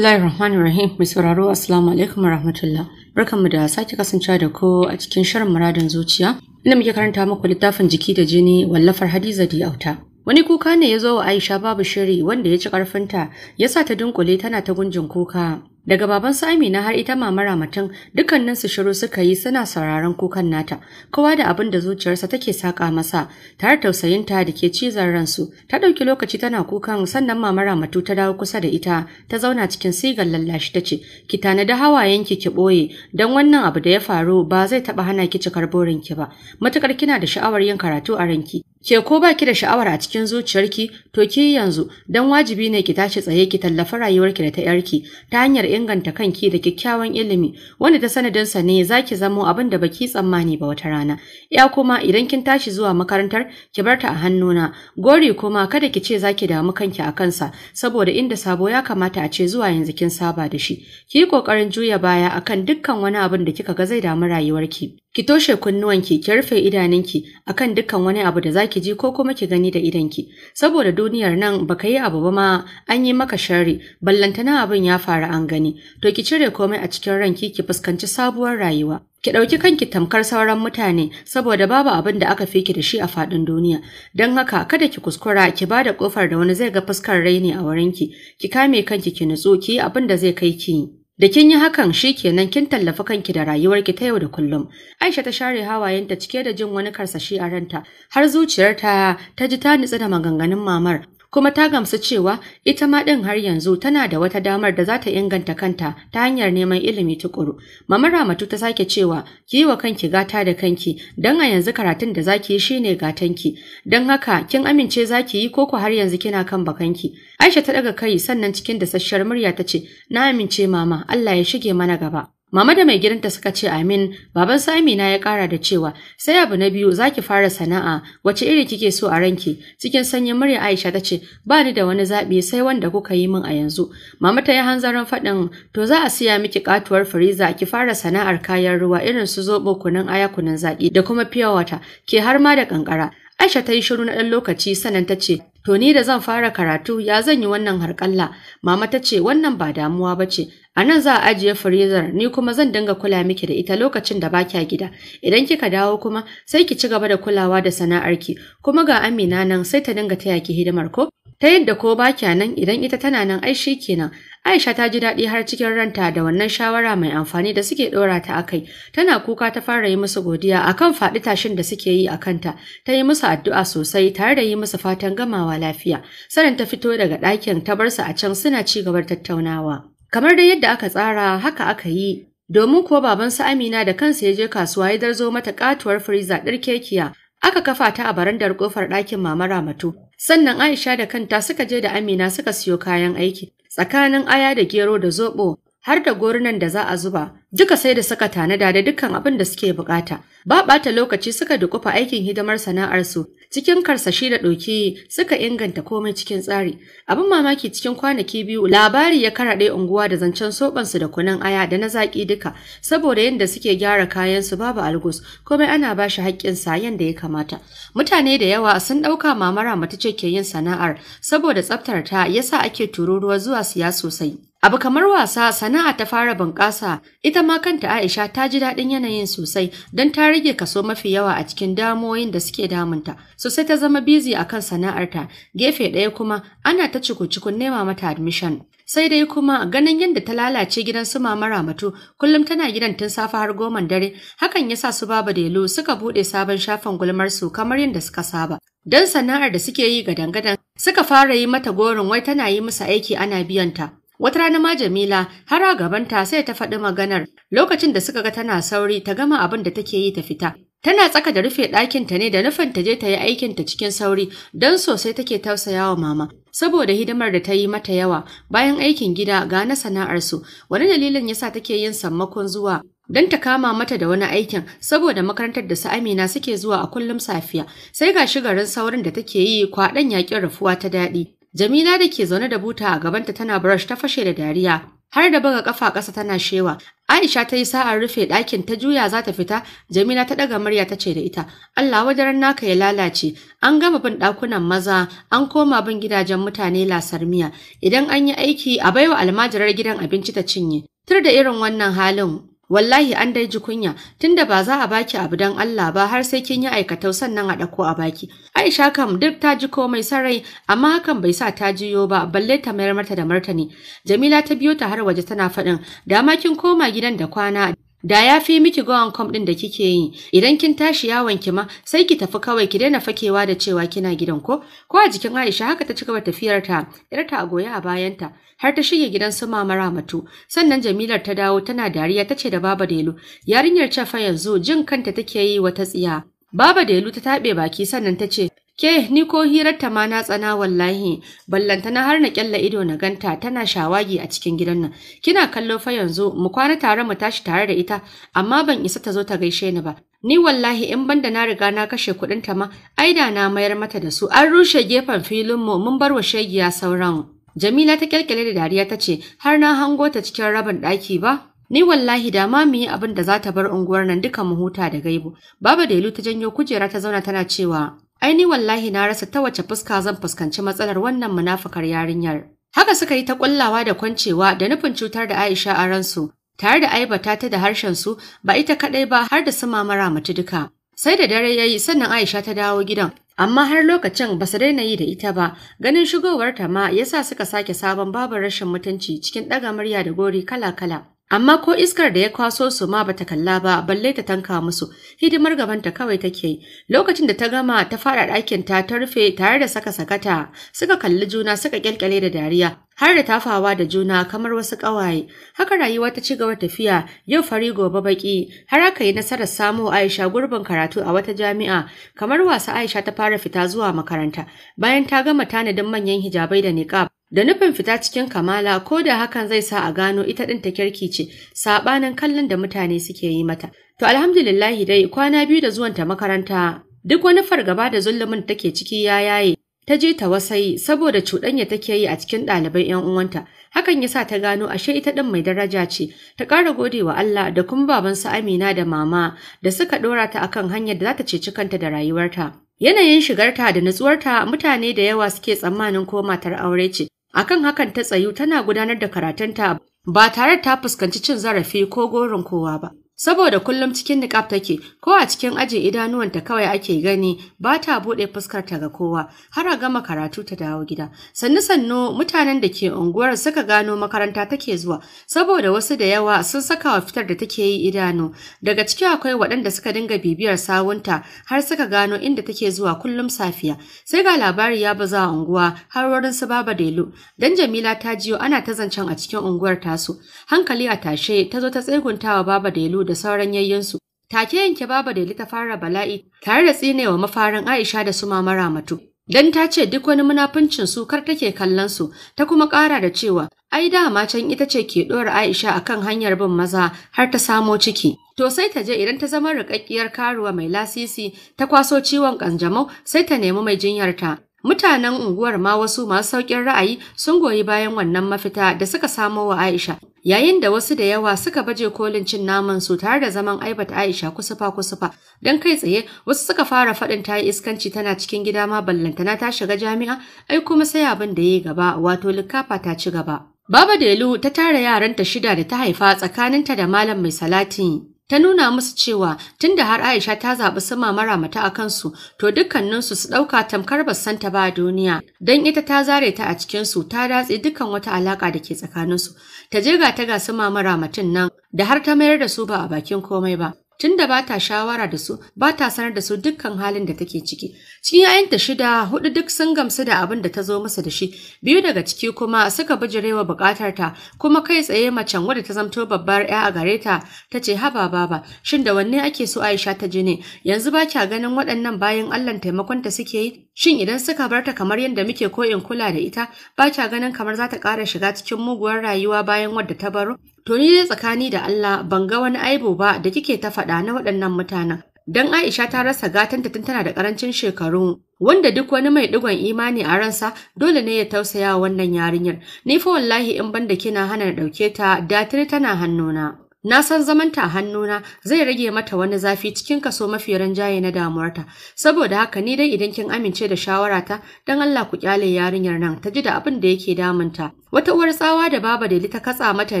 Bismillahir Rahmanir Rahim mai sauraro Assalamu alaikum rahmatullah Barkanmu da sake kasancewa da ko a cikin shirin muradin zuciya inda muke karanta muku littafin jiki da jini wallafar Hadiza di auta. Wani kuka ne ya zo wa Aisha babu shiri wanda ya ci karfinta ya sa ta dunkule tana ta gunjin kuka. daga baban su Amina har ita mama ramatun dukkanin su shiru suka yi suna sauraron kukan nata kowa da abin da zuciyarsa take saka masa tare tausayin ta da ke cizon ransu ta ɗauki lokaci tana kukan sannan mama Ramatu ta dawo kusa da ita ta zauna cikin sigar lallashi ta ce. ki tanadi hawayenki ki ɓoye. Don wannan abu da ya faru ba zai taɓa hana ki cikar burin ba matukar kina da sha'awar yin karatu a ranki Ke ko ba ki da sha'awar a cikin zuciyarki to ki yanzu dan wajibi ne ki tashi tsaye ki tallafa rayuwarki da ta yarki ta hanyar inganta kanki da kyakkyawan ilimi wanda ta sanadin sa ne zaki zamo abin da baki tsammani ba wata rana. Ya kuma idan kin tashi zuwa makarantar ki barta a hannuna. Gori kuma kada ki ce zaki damu kanki a kansa saboda inda sabo ya kamata a ce zuwa yanzu kin saba da shi. Ki yi kokarin juya baya akan dukkan wani abin da kika ga zai damu rayuwarki. Ki toshe kunnuwanki ki rufe idanunki akan dukkan wani abu da zaki ki ji ko kuma ki gani da idanki saboda duniyar nan baka yi abu ba ma an yi maka shari ballantana abin ya faru an gani to ki cire komai a cikin ranki ki fuskanci sabuwar rayuwa ki ɗauki kanki tamkar sauran mutane saboda babu abin da aka fi ki da shi a faɗin duniya don haka kada ki kuskura ki ba da ƙofar da wani zai ga fuskar raini a wurinki ki kame kanki ki nutsu ki yi abin da zai kai ki Da kin yi hakan shi kenan kin tallafa kanki da rayuwarki ta yau da kullum. Aisha ta share hawayenta cike da jin wani karsashi a ranta, har zuciyarta ta ji ta nitsi da maganganun mamar, kuma ta gamsu cewa ita ma ɗin har yanzu tana da wata damar da za ta inganta kanta ta hanyar neman ilimi tukuru. Mama Ramatu ta sake cewa ki yi wa kanki gata da kanki don a yanzu karatun da zaki yi shine gatanki don haka kin amince zaki yi koko har yanzu kina kan bakanki. Aisha ta ɗaga kai sannan cikin dasasshiyar murya ta ce na amince mama Allah ya shige mana gaba. Mama da mai gidanta suka ce Amin, baban su Amina ya kara da cewa sai abu na biyu zaki fara sana'a wace iri kike so a ranki cikin sanyin murya Aisha ta ce ba ni da wani zabi sai wanda kuka yi min a yanzu. Mama ta yi hanzarin faɗin to za a siya miki ƙatuwar firiza ki fara sana'ar kayan ruwa irin su zobo kunun aya kunun zaki da kuma pure ke har ma da ƙanƙara? Aisha ta yi shiru na ɗan lokaci sannan ta ce To ni da zan fara karatu ya zan yi wannan harƙalla, mama ta ce wannan ba damuwa ba ce, a nan za a ajiye firizar ni kuma zan dinga kula miki da ita lokacin da ba kya gida, idan kika dawo kuma sai ki ci gaba da kulawa da sana'arki, kuma ga Amina nan sai ta dinga taya ki hidimar ko? Ta yadda ko ba kya nan idan ita tana nan ai shi kenan, Aisha ta ji daɗi har cikin ranta da wannan shawara mai amfani da suke ɗora ta a kai. Tana kuka ta fara yi musu godiya a kan faɗi tashin da suke yi a kanta. Ta yi musu addu'a sosai tare da yi musu fatan gamawa lafiya. Sanin ta fito daga ɗakin ta bar su a can suna ci gabar tattaunawa. Kamar dai yadda aka tsara haka aka yi domin kuwa su Amina da kansa ya je kasuwa ya darzo mata katuwar firiza kekiya, aka kafa ta a barandar kofar ɗakin Mama Ramatu Sannan Aisha da kanta suka je da Amina suka siyo kayan aiki, tsakanin aya da gero da zoɓo har da gorunan da za a zuba, Duka sai da suka tanada da dukkan abin da suke bukata. Ba ɓata lokaci suka dukufa aikin hidimar sana'arsu. Cikin karsashi da ɗoki suka inganta komai cikin tsari. Abin mamaki cikin kwanaki biyu labari ya karaɗe unguwa da zancen soɓansu da kunan aya da na zaƙi duka. Saboda yadda suke gyara kayansu babu algus komai ana ba shi haƙƙinsa yadda ya kamata. Mutane da yawa sun ɗauka mamara mace ke yin sana'ar saboda tsaftar ta yasa ake tururuwa zuwa siya sosai. Abu kamar wasa sana'a ta fara bunƙasa, ita ma kanta Aisha ta ji daɗin yanayin sosai don ta rage kaso mafi yawa a cikin damoyin da suke damunta. Sosai ta zama bizi a kan sana'arta, gefe ɗaya kuma ana ta cikun nema mata admission. Sai dai kuma ganin yadda ta lalace gidan su mama Ramatu kullum tana gidan tun safe har goman dare, hakan ya sa su Baba Delu suka buɗe sabon shafan gulmar su kamar yadda suka saba. Don sana'ar da suke yi gadan-gadan suka fara yi mata gorin wai tana yi musu aiki ana biyanta. Wata rana ma Jamila har a gabanta sai ta faɗi maganar lokacin da suka ga tana sauri ta gama abin da take yi ta fita. Tana tsaka da rufe ɗakinta ne da nufin ta je ta yi aikinta cikin sauri don sosai take tausaya wa mama. Saboda hidimar da ta yi mata yawa bayan aikin gida ga na sana'arsu, wani dalilin yasa take yin sammakon zuwa don ta kama mata da wani aikin saboda makarantar da su Amina suke zuwa a kullum safiya. Sai ga shigarin saurin da take yi kwaɗan yaƙin rufuwa ta daɗi. Jamila da ke zaune da buta a gabanta tana brush ta fashe da dariya har da buga kafa ƙasa tana shewa. Aisha ta yi sa'ar rufe ɗakin ta juya za ta fita, Jamila ta ɗaga murya ta ce da ita, Allah wajen naka ya lalace, an gama bin ɗakunan maza, an koma bin gidajen mutane lasar miya, idan an yi aiki a baiwa almajirar gidan abinci ta cinye. Tur da irin wannan halin wallahi an dai ji kunya tunda ba za a baki abu dan Allah ba har sai kin yi aikatau sannan a dako a baki Aisha kam duk ta ji komai sarai amma hakan bai sa ta jiyo ba balle ta mayar mata da martani Jamila ta biyo ta har waje tana faɗin dama kin koma gidan da kwana Da ya fi miki gowan kom ɗin da kike yi, idan kin tashi yawon ki ma sai ki tafi kawai ki daina fakewa da cewa kina gidan ko? Ko a jikin Aisha haka ta cigaba tafiyar ta, ‘yarta a goye a bayanta, har ta shige gidan su mama Ramatu. Sannan Jamilar ta dawo tana dariya ta ce da Baba Delu, yarinyar ce fa yanzu jin kanta take yi wata tsiya. Baba Delu ta taɓe baki sannan ta ce, Ke ni ko hirarta ma na tsana wallahi ballanta na har na kyalla ido na ganta tana shawagi a cikin gidan nan. Kina kallo fa yanzu mu kwana tare mu tashi tare da ita amma ban isa ta zo ta gaishe ni ba. Ni wallahi in banda na riga na kashe kuɗin ta ma ai na mayar mata da su an rushe gefen filin mu mun bar wa shegiya sauran. Jamila ta kyalkyale da dariya ta ce har na hango ta cikin rabin ɗaki ba. Ni wallahi da ma mu yi abin da za ta bar unguwar nan duka mu huta da gaibu. Babu Delu ta janyo kujera ta zauna tana cewa aini wallahi na rasa ta wace fuska zan fuskanci matsalar wannan munafukar yarinyar. Haka suka yi ta kullawa da kwancewa da nufin cutar da Aisha a ransu, tare da aibata ta da harshen su ba ita kaɗai ba har da su mamara mutu duka. Sai da dare ya yi sannan Aisha ta dawo gidan, amma har lokacin ba su daina yi da ita ba, ganin shigowarta ma yasa suka sake sabon babu rashin mutunci cikin ɗaga murya da gori kala-kala. amma ko iskar da ya kwaso su ma bata kalla ba balle ta tanka musu hidimar gabanta kawai take yi lokacin da ta gama ta fara ɗakin ta ta rufe tare da saka sakata suka kalli juna suka kyalkyale da dariya har da tafawa da juna kamar wasu ƙawaye haka rayuwa ta ci gaba tafiya yau fari gobe baki har aka yi nasarar samo Aisha gurbin karatu a wata jami'a kamar wasa Aisha ta fara fita zuwa makaranta bayan ta gama tanadin manyan hijabai da niqab da nufin fita cikin kamala ko da hakan zai sa a gano ita ɗin ta kirki ce saɓanin kallon da mutane suke yi mata. To alhamdulillahi dai kwana biyu da zuwan ta makaranta duk wani fargaba da zulumin take ciki ya yaye ta je ta wasai saboda cuɗanya take yi a cikin ɗalibai 'yan uwanta. Hakan ya sa ta gano ashe ita ɗin mai daraja ce, ta ƙara gode wa Allah da kuma babansu Amina da mama da suka ɗora ta akan hanyar da za ta ceci kanta da rayuwarta. Yanayin shigarta da nutsuwarta mutane da yawa suke tsammanin ko matar aure ce, Akan hakan ta tsayu tana gudanar da karatunta ba tare ta fuskanci cin zarafi ko gorin kowa ba. saboda kullum cikin niƙaf take ko a cikin ajin idanuwanta kawai ake gani ba ta buɗe ta ga kowa har a gama karatu ta dawo gida sannu sannu mutanen da ke unguwar suka gano makaranta take zuwa saboda wasu da yawa sun saka wa fitar da take yi idanu daga ciki akwai waɗanda suka dinga bibiyar sawunta har suka gano inda take zuwa kullum safiya sai ga labari ya baza unguwa har wurin su baba delu dan jamila ta jiyo ana ta zancen a cikin unguwar tasu hankali a tashe ta zo ta tsegunta wa baba delu da sauran yayyansu. Take yanke baba da ta fara bala'i tare da tsinewa mafarin Aisha da su mamara mutu. Dan ta ce duk wani munafuncin su kar take kallon su, ta kuma ƙara da cewa ai dama can ita ce ke ɗora Aisha akan hanyar bin maza har ta samo ciki. To sai ta je idan ta zama riƙaƙƙiyar karuwa mai lasisi ta kwaso ciwon ƙanjamau sai ta nemi mai jinyarta. Mutanen unguwar ma wasu masu sauƙin ra'ayi sun goyi bayan wannan mafita da suka samo wa Aisha. Yayin da wasu da yawa suka baje kolin cin naman su tare da zaman aibata Aisha kusufa kusufa don kai tsaye wasu suka fara faɗin ta yi iskanci tana cikin gida ma ballantana ta shiga jami'a ai kuma sai abin da ya yi gaba wato likafa ta ci gaba. Baba Delu ta tara yaranta shida da ta haifa tsakaninta da malam mai salati ta nuna musu cewa tun da har Aisha ta zaɓi sama mara mata a kansu to dukkaninsu su ɗauka tamkar basanta ba a duniya don ita ta zare ta a cikinsu ta datse dukkan wata alaƙa da ke tsakaninsu ta je ga ta ga sama mara mutum nan da har ta mayar da su ba a bakin komai ba tunda ba ta shawara da su ba ta sanar da su dukkan halin da take ciki cikin yayanta shida hudu duk sun gamsu da abin da ta zo masa da shi biyu daga ciki kuma suka bijirewa bukatar ta kuma kai tsaye macen wadda ta zamto babbar ya a gare ta ta ce haba baba shin da wanne ake so Aisha ta ji ne yanzu ba kya ganin waɗannan bayan Allah taimakon ta suke yi Shin idan suka barta kamar yadda muke koyin kula da ita, ba kya ganin kamar za ta ƙara shiga cikin muguwar rayuwa bayan wadda ta baro? To ni dai tsakani da Allah ban ga wani aibo ba da kike ta faɗa na waɗannan mutanen. Dan Aisha ta rasa gatanta tun tana da ƙarancin shekaru, wanda duk wani mai digon imani a ransa dole ne ya tausaya wannan yarinyar. Ni fa wallahi in banda kina hana ɗauke ta, da tana hannuna. Na san zamanta a hannuna zai rage mata wani zafi cikin kaso mafi ranjaye na damuwarta. Saboda haka ni dai idan kin amince da shawarata don Allah ku kyale yarinyar nan ta ji da abin da yake damunta. Wata uwar tsawa da baba da ta katsa mata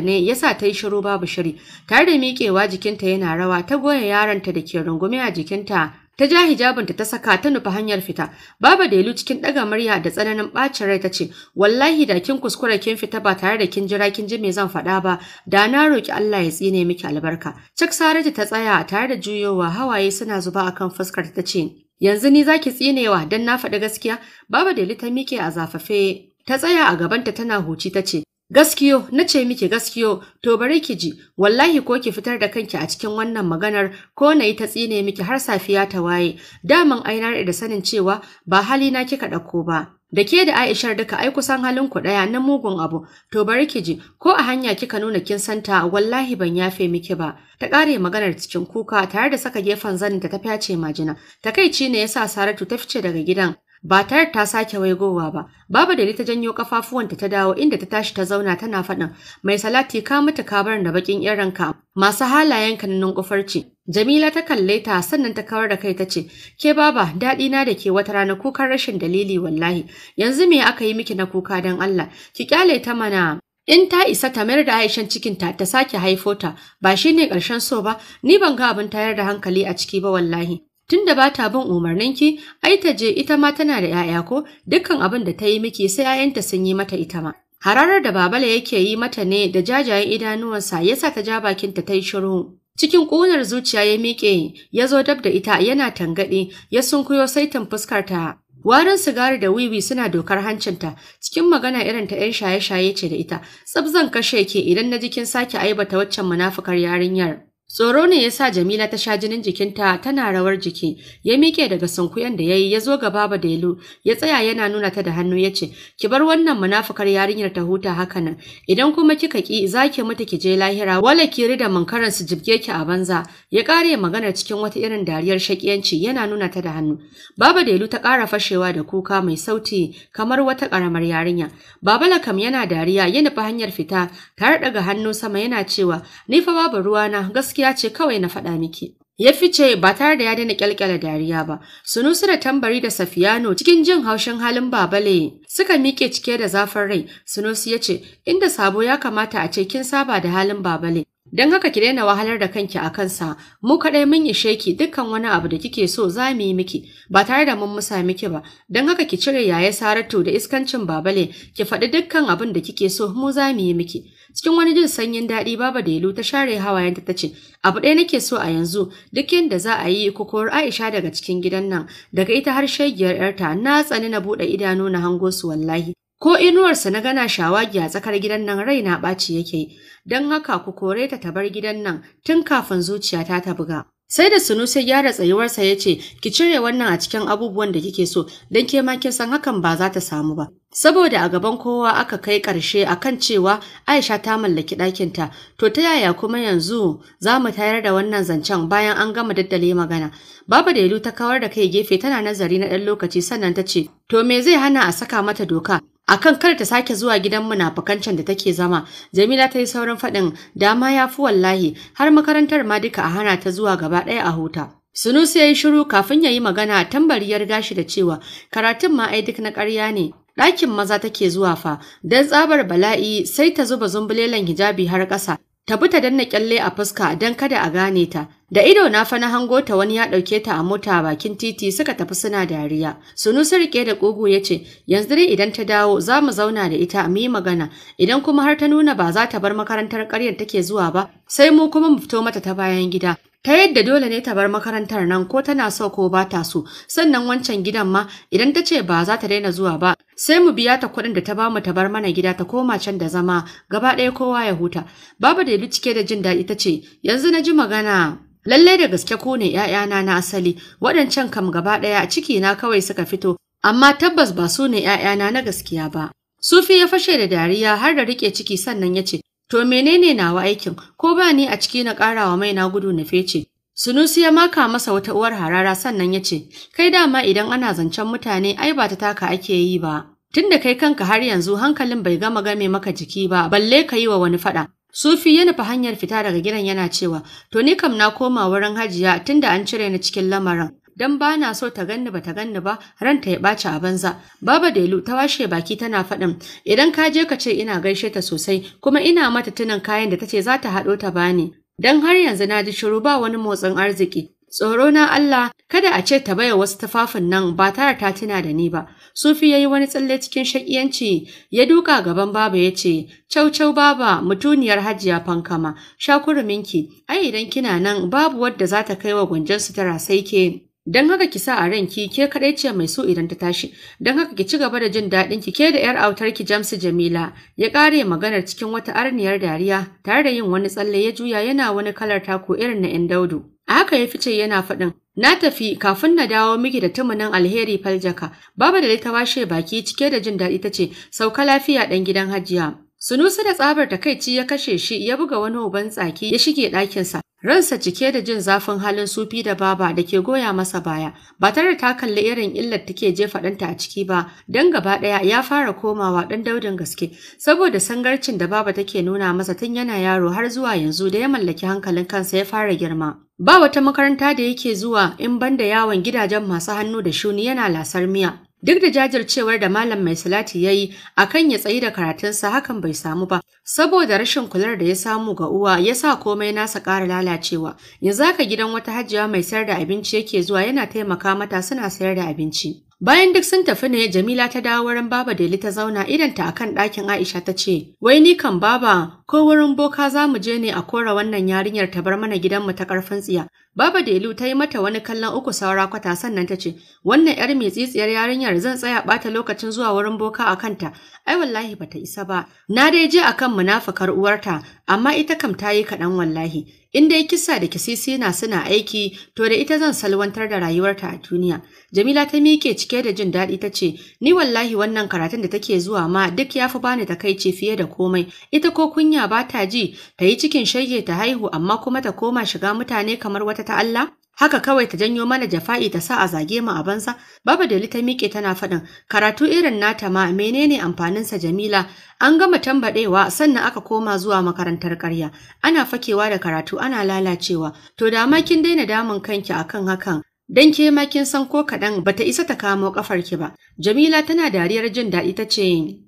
ne yasa ta yi shiru babu shiri. Tare da miƙewa jikinta yana rawa ta goya yaronta da ke rungume a jikinta ta ja hijabinta ta saka ta nufa hanyar fita baba delu cikin daga murya da tsananin bacin rai tace wallahi da kin kuskura kin fita ba tare da kin jira kin ji me zan faɗa ba da na roki Allah ya tsine miki albarka Cik saratu ta tsaya tare da juyowa hawaye suna zuba akan fuskar ta tace yanzu ni zaki tsinewa dan na faɗi gaskiya baba delu ta mike a zafafe ta tsaya a gabanta tana huci tace Gaskiyo, na ce miki gaskiyo, to bari ki ji, wallahi ko ki fitar da kanki a cikin wannan maganar ko na yi ta tsine miki har safiya ta waye, daman aina da sanin cewa ba hali na kika ɗauko ba. Da ke da Aishar duka ai kusan halin ku ɗaya na mugun abu, to bari ki ji, ko a hanya kika nuna kin santa wallahi ban yafe miki ba. Ta ƙare maganar cikin kuka tare da saka gefen zanin ta ta fyace majina. Takaici ne yasa Saratu ta fice daga gidan. ba tare ta sake waigowa ba babu da ta janyo kafafuwanta ta dawo inda ta tashi ta zauna tana faɗin mai salati ka mutu ka bar da bakin ranka masu ka na kufarci Jamila ta kalle ta sannan ta kawar da kai ta ce ke baba daɗi na da ke wata rana kukan rashin dalili wallahi yanzu me aka yi miki na kuka don Allah ki kyale ta mana In ta isa ta mayar da Aishan cikinta ta sake haifo ta, ba shi ne ƙarshen so ba, ni ban ga abin tayar da hankali a ciki ba wallahi. tunda ba ta bin umarninki ai ta je ita ma tana da 'ya'ya ko dukkan abin da ta yi miki sai 'ya'yanta sun yi mata ita ma hararar da babala yake yi mata ne da jajayen idanuwansa yasa ta ja bakin ta yi shiru cikin ƙunar zuciya ya miƙe ya zo dab da ita yana tangaɗe ya sunkuyo saitin fuskar ta. Warin sigari da wiwi suna dokar hancinta, cikin magana irin ta ‘yan shaye-shaye ce da ita, tsabzan kashe ke idan na jikin sake aibata waccan munafukar yarinyar. Tsoro ne ya sa Jamila ta sha jinin jikinta tana rawar jiki, ya miƙe daga sunkuyan da ya yi ya zo ga Baba Delu, ya tsaya yana nuna ta da hannu ya ce, Ki bar wannan munafukar yarinyar ta huta hakanan." idan kuma kika ƙi za ki mutu ki je lahira, wala ki rida mankaran su jibge ki a banza, ya ƙare maganar cikin wata irin dariyar shaƙiyanci yana nuna ta da hannu. Baba Delu ta ƙara fashewa da kuka mai sauti kamar wata ƙaramar yarinya. Baba Lakam yana dariya ya nufi hanyar fita, tare daga hannu sama yana cewa, Ni fa babu ruwana gaskiya gaskiya ce kawai na faɗa miki. Ya fice ba tare da ya daina kyalkyala dariya ba, nusu da tambari da Safiyano cikin jin haushin halin babale suka miƙe cike da zafin rai, nusu ya ce, inda sabo ya kamata a ce kin saba da halin babale. Don haka ki daina wahalar da kanki a kansa, mu kaɗai mun ishe ki dukkan wani abu da kike so za mu yi miki, ba tare da mun musa miki ba, don haka ki cire yaya saratu da iskancin babale, ki faɗi dukkan abin da kike so mu za mu yi miki. Cikin wani jin sanyin daɗi Baba Delu ta share hawayenta ta ce, Abu ɗaya nake so a yanzu duk yadda za a yi kowar Aisha daga cikin gidan nan, daga ita har shagiyar ‘yarta na tsani na buɗe idanu na hango su wallahi. Ko inuwarsa na gana shawagi a tsakar gidan nan rai na ɓaci yake, don haka ku kore ta ta bar gidan nan tun kafin zuciyata ta buga. Sai da Sunu sai gyara tsayuwarsa ya ce, Ki cire wannan a cikin abubuwan da kike so, don ke ma san hakan ba za ta samu ba. Saboda a gaban kowa aka kai ƙarshe a kan cewa Aisha ta mallaki ɗakinta, to ta yaya kuma yanzu za mu tayar da wannan zancen bayan an gama daddale magana. Baba Delu ta kawar da kai gefe tana nazari na ɗan lokaci sannan ta ce, To me zai hana a saka mata doka akan kar ta sake zuwa gidan na da take zama Jamila ta yi saurin faɗin dama ya fi wallahi har makarantar ma duka a hana ta zuwa gaba ɗaya a huta Sunusi ya yi shiru kafin ya yi magana tambari gashi da cewa karatun ma ai duk na ƙarya ne ɗakin maza take zuwa fa don tsabar bala'i sai ta zuba zumbulelan hijabi har ƙasa Tabi ta danna kyalle a fuska don kada a gane ta. Da ido na fa na hango ta wani ya ɗauke ta a mota bakin titi suka tafi suna dariya. Sunu su da ƙugu ya ce, yanzu dai idan ta dawo za mu zauna da ita mu yi magana, idan kuma har ta nuna ba za ta bar makarantar ƙaryar take zuwa ba, sai mu kuma mu fito mata ta bayan gida. ta yadda dole ne ta bar makarantar nan ko tana so ko ba ta so sannan wancan gidan ma idan ta ce ba za ta daina zuwa ba sai mu biya ta kuɗin da ta bamu ta bar mana gida ta koma can da zama gaba ɗaya kowa ya huta Babu da cike da jin daɗi ta ce yanzu na ji magana lallai da gaske ko ne ‘ya'yana na asali waɗancan kam gaba ɗaya a ciki na kawai suka fito amma tabbas ba su ne ‘ya'yana na gaskiya ba Sufi ya fashe da dariya har da rike ciki sannan ya ce, To menene nawa aikin? Ko ba ni a ciki na ƙara wa mai na gudu na fece. Sunusi ya maka masa wata uwar harara sannan ya ce, Kai dama idan ana zancen mutane ai ba ta taka ake yi ba. Tunda kai kanka har yanzu hankalin bai gama game maka jiki ba, balle ka yi wa wani faɗa. Sufi ya nufi hanyar fita daga gidan yana cewa, To ni kam na koma wurin hajiya tunda an cire ni cikin lamarin, don ba na so ta ganni ba ta ganni ba ranta ya ɓaci a banza. Baba Delu ta washe baki tana faɗin idan ka je ka ce ina gaishe ta sosai kuma ina mata tunan kayan da ta ce za ta haɗo ta bani. Don har yanzu na ji shiru ba wani motsin arziki. Tsoro na Allah kada a ce ta baya wasu tufafin nan ba tare ta tuna da ni ba. Sufi ya yi wani tsalle cikin shakiyanci ya duka gaban baba ya ce, Cau cau baba mutuniyar hajiya fankama, shakuruminki, ai idan kina nan babu wadda za ta kai wa gwanjan sutura sai ke. Don haka ki sa a ranki ke kaɗai ce mai so idan ta tashi, don haka ki ci gaba da jin daɗin ki ke da ‘yar autarki Jamsu Jamila ya ƙare maganar cikin wata arniyar dariya tare da yin wani tsalle ya juya yana wani kalar tako irin na ‘yan daudu. A haka ya fice yana faɗin, na tafi kafin na dawo miki da tumunin alheri faljaka, baba da ta washe baki cike da jin daɗi ta ce, sauka lafiya ɗan gidan hajiya. Sunusu da tsabar takaici ya kashe shi ya buga wani uban tsaki ya shige ɗakinsa Ransa cike da jin zafin halin sufi da baba da ke goya masa baya, ba tare ta kalli irin illar take jefa ɗanta a ciki ba, don gaba ɗaya ya fara komawa ɗan daudin gaske, saboda sangarcin da baba take nuna masa tun yana yaro har zuwa yanzu da ya mallaki hankalin kansa ya fara girma. Ba wata makaranta da yake zuwa in banda yawon gidajen masu hannu da shuni yana lasar miya, Duk da jajircewar da malam mai salati ya yi a kan ya tsayi da karatunsa hakan bai samu ba, saboda rashin kular da ya samu ga uwa ya sa komai nasa ƙara lalacewa. Yanzu haka gidan wata hajjiya mai sayar da abinci yake zuwa yana taimaka mata suna sayar da abinci. Bayan duk sun tafi ne Jamila ta dawo wurin Baba Deli ta zauna idanta akan ɗakin Aisha ta ce, "Wai ni kan Baba, ko wurin boka za mu je ne a kora wannan yarinyar ta bar mana gidanmu ta ƙarfin tsiya." Baba Delu ta yi mata wani kallon uku saura kwata sannan ta ce, "Wannan ‘yar mai tsitsiyar yarinyar zan tsaya ɓata lokacin zuwa wurin boka a kanta, ai wallahi bata isa ba. Na dai je a akan munafakar uwarta, amma ita kam ta yi kaɗan wallahi. In dai kisa da kisisina suna aiki, to da ita zan salwantar da rayuwarta a duniya. Jamila ta miƙe cike da jin daɗi ta ce, Ni wallahi wannan karatun da take zuwa ma duk ya fi bani ce fiye da komai. Ita ko kunya ba ta ji, ta yi cikin shege ta haihu amma kuma ta koma shiga mutane kamar wata ta Allah? haka kawai ta janyo mana jafa'i ta sa a zage mu a banza baba da ta miƙe tana faɗin karatu irin nata ma menene amfaninsa jamila an gama tambaɗewa sannan aka koma zuwa makarantar ƙarya ana fakewa da karatu ana lalacewa to da ma kin daina damun kanki akan hakan Dan ke ma kin san ko kaɗan ta isa ta kamo ƙafar ki ba. Jamila tana dariyar jin daɗi ta ce,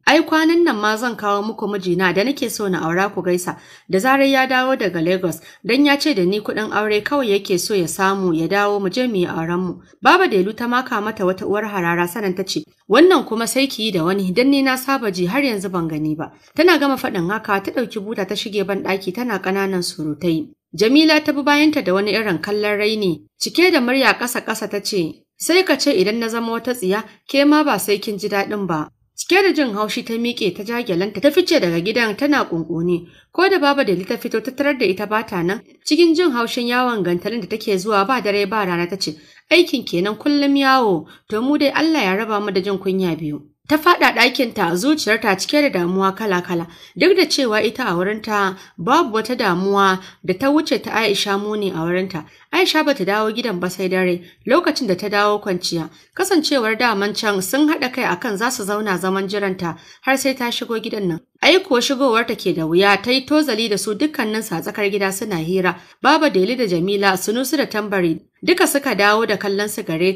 Ai kwanan nan ma zan kawo muku mijina da nake so na aura ku gaisa, da zarar ya dawo daga Lagos, dan ya ce da ni kuɗin aure kawai yake so ya samu ya dawo mu je mu yi auren mu. Baba Delu ta maka mata wata uwar harara sanan ta ce, Wannan kuma sai ki yi da wani dan ni na saba ji har yanzu ban gani ba. Tana gama faɗin haka ta ɗauki buta ta shige ban ɗaki tana ƙananan surutai. Jamila ta bi bayanta da wani irin kallon raini, cike da murya ƙasa-ƙasa ta ce, Sai ka ce idan na zama wata tsiya, ke ma ba sai kin ji daɗin ba. Cike da jin haushi ta miƙe ta jagelanta ta fice daga gidan tana ƙunƙuni, ko da baba da ta fito ta tarar da ita bata nan, cikin jin haushin yawon gantalin da take zuwa ba dare ba rana ta ce, Aikin kenan kullum yawo, to mu dai Allah ya raba mu da jin kunya biyu. Ta faɗa ɗakinta zuciyarta cike da damuwa kala-kala, duk da cewa ita a wurinta babu wata damuwa da ta wuce ta Aisha muni a wurinta. Aisha ba ta dawo gidan ba sai dare lokacin da ta dawo kwanciya. Kasancewar daman can sun haɗa kai akan za su zauna zaman jiranta har sai ta shigo gidan nan. Aiko shigowar ta ke da wuya ta yi tozali da su dukkanin sa tsakar gida suna hira. Baba Deli da Jamila, Sunusu da Tambari duka suka dawo da kallon su gare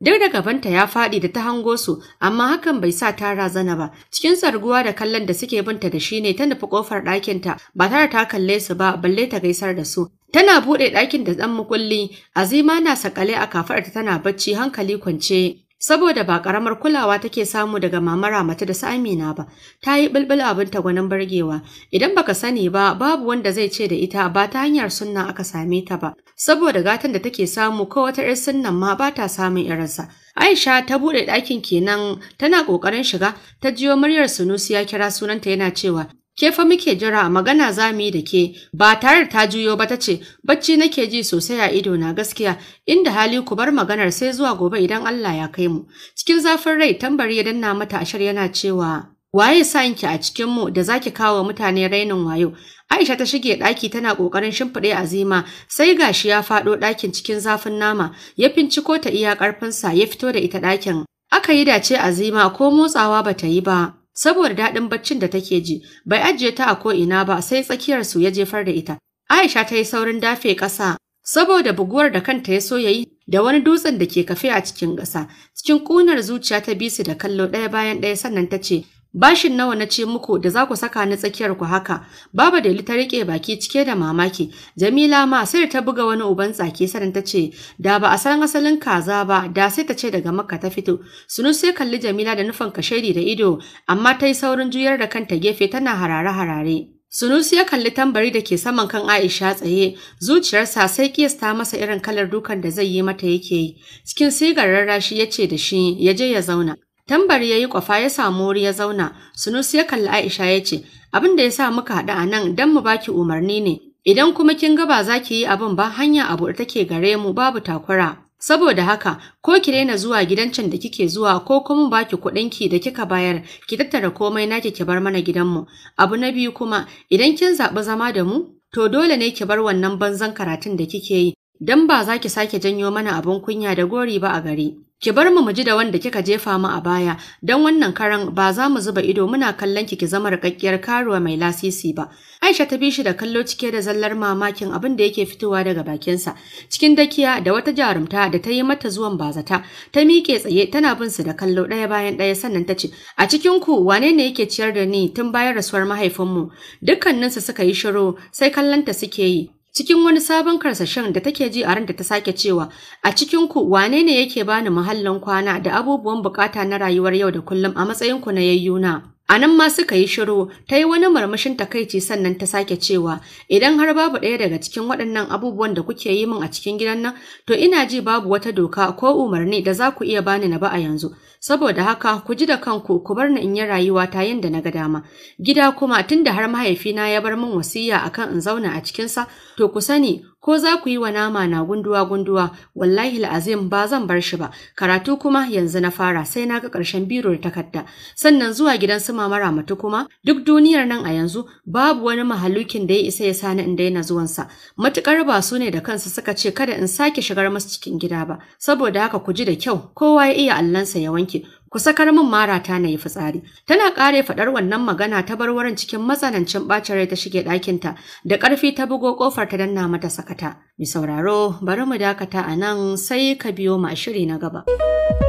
Duk da gabanta ya faɗi da ta hango su, amma hakan bai sa ta razana ba. Cikin sarguwa da kallon da suke binta da shi ne ta nufi ƙofar ɗakinta ba tare ta kalle su ba balle ta gaisar da su. Tana buɗe ɗakin da ɗan mukulli, Azima na sakale a kafarta tana bacci hankali kwance. saboda ba karamar kulawa take samu daga mamara mata da Amina ba ta yi bulbul abin ta gwanin burgewa idan baka sani ba babu wanda zai ce da ita ba ta hanyar sunna aka same ta ba saboda gatan da take samu ko wata ƴar sunnan ma ba ta samun irinsa Aisha ta buɗe ɗakin kenan tana ƙoƙarin shiga ta jiyo muryar Sunusi ya kira sunanta yana cewa Ke fa muke jira magana za mu yi da ke ba tare ta juyo ba ta ce bacci nake ji sosai a ido na gaskiya inda hali ku bar maganar sai zuwa gobe idan Allah ya kai mu. Cikin zafin rai tambari ya danna mata ashar yana cewa waye sa ki a cikin mu da zaki kawo mutane rainin wayo. Aisha ta shige ɗaki tana ƙoƙarin shimfiɗe azima sai gashi ya faɗo ɗakin cikin zafin nama ya finciko ta iya ƙarfinsa ya fito da ita ɗakin. Aka yi dace azima ko motsawa bata yi ba. Saboda daɗin baccin da take ji, bai ajiye ta a ko'ina ba sai tsakiyarsu ya jefar da ita. Aisha ta yi saurin dafe ƙasa saboda buguwar da kanta ya so ya yi da wani dutsen da ke kafe a cikin ƙasa. Cikin ƙunar zuciya ta bisu da kallo ɗaya bayan ɗaya sannan ta ce, Bashin nawa na ce muku da za ku saka ni tsakiyar ku haka. Babu Delu ta rike baki cike da mamaki. Jamila ma sai ta buga wani uban tsaki sanin ta ce da ba a san asalin kaza ba da sai ta ce daga Makka ta fito. Sunu sai kalli Jamila da nufin kashedi da ido amma ta yi saurin juyar da kanta gefe tana harare-harare. Sunusi ya kalli tambari da ke saman kan Aisha tsaye, zuciyarsa sai kiyasta masa irin kalar dukan da zai yi mata yake yi. Cikin sigar rarrashi ya ce da shi ya je ya zauna. Tambar ya yi kwafa ya samu wuri ya zauna, Sunusi ya kalli Aisha ya ce, abin da ya sa muka haɗu a nan don mu baki umarni ne, idan kuma kin gaba za ki yi abin ba hanya abu da take gare mu babu takura. Saboda haka, ko ki daina zuwa gidan can da kike zuwa ko kuma baki ki da kika bayar, ki tattara komai naki ki bar mana gidanmu. Abu na biyu kuma, idan kin zaɓi zama da mu, to dole ne ki bar wannan banzan karatun da kike yi, don ba za ki sake janyo mana abin kunya da gori ba a gari. Ki bar mu ji da wanda kika jefa mu a baya, don wannan karan ba za mu zuba ido muna kallon ki ki zama rikakkiyar karuwa mai lasisi ba. Aisha ta bi shi da kallo cike da zallar mamakin abin da yake fitowa daga bakinsa. Cikin dakiya da wata jarumta da ta yi mata zuwan bazata, ta miƙe tsaye tana bin su da kallo ɗaya bayan ɗaya sannan ta ce, "A cikin ku wane ne yake ciyar da ni tun bayan rasuwar mahaifinmu?" Dukkaninsu suka yi shiru sai kallonta suke yi. cikin wani sabon karsashen da take ji a ranta ta sake cewa a cikin ku wane ne yake bani muhallin kwana da abubuwan bukata na rayuwar yau da kullum a matsayin ku na yayyuna A nan ma suka yi shiru, ta yi wani marmashin takaici sannan ta sake cewa, idan har babu ɗaya daga cikin waɗannan abubuwan da kuke yi min a cikin gidan nan, to ina ji babu wata doka ko umarni da za ku iya bani na ba a yanzu. Saboda haka ku ji da kanku ku bar ni in yi rayuwa ta da na ga dama. Gida kuma tunda har mahaifina ya bar min wasiya akan in zauna a cikinsa to ku sani ko za ku yi wa nama na gunduwa gunduwa wallahi la'azim ba zan bar shi ba karatu kuma yanzu na fara sai na ga ƙarshen biro da takarda sannan zuwa gidan su mama ramatu kuma duk duniyar nan a yanzu babu wani mahalukin da ya isa ya sani in daina zuwansa matukar ba su ne da kansu suka ce kada in sake shigar masu cikin gida ba saboda haka ku ji da kyau kowa ya iya allansa ya wanke ku sakar min marata na yi fitsari tana kare fadar wannan magana ta bar wurin cikin matsanancin bacin rai ta shige ɗakin ta da ƙarfi ta bugo kofar ta danna mata sakata mi sauraro bari mu dakata anan sai ka biyo ma shiri na gaba.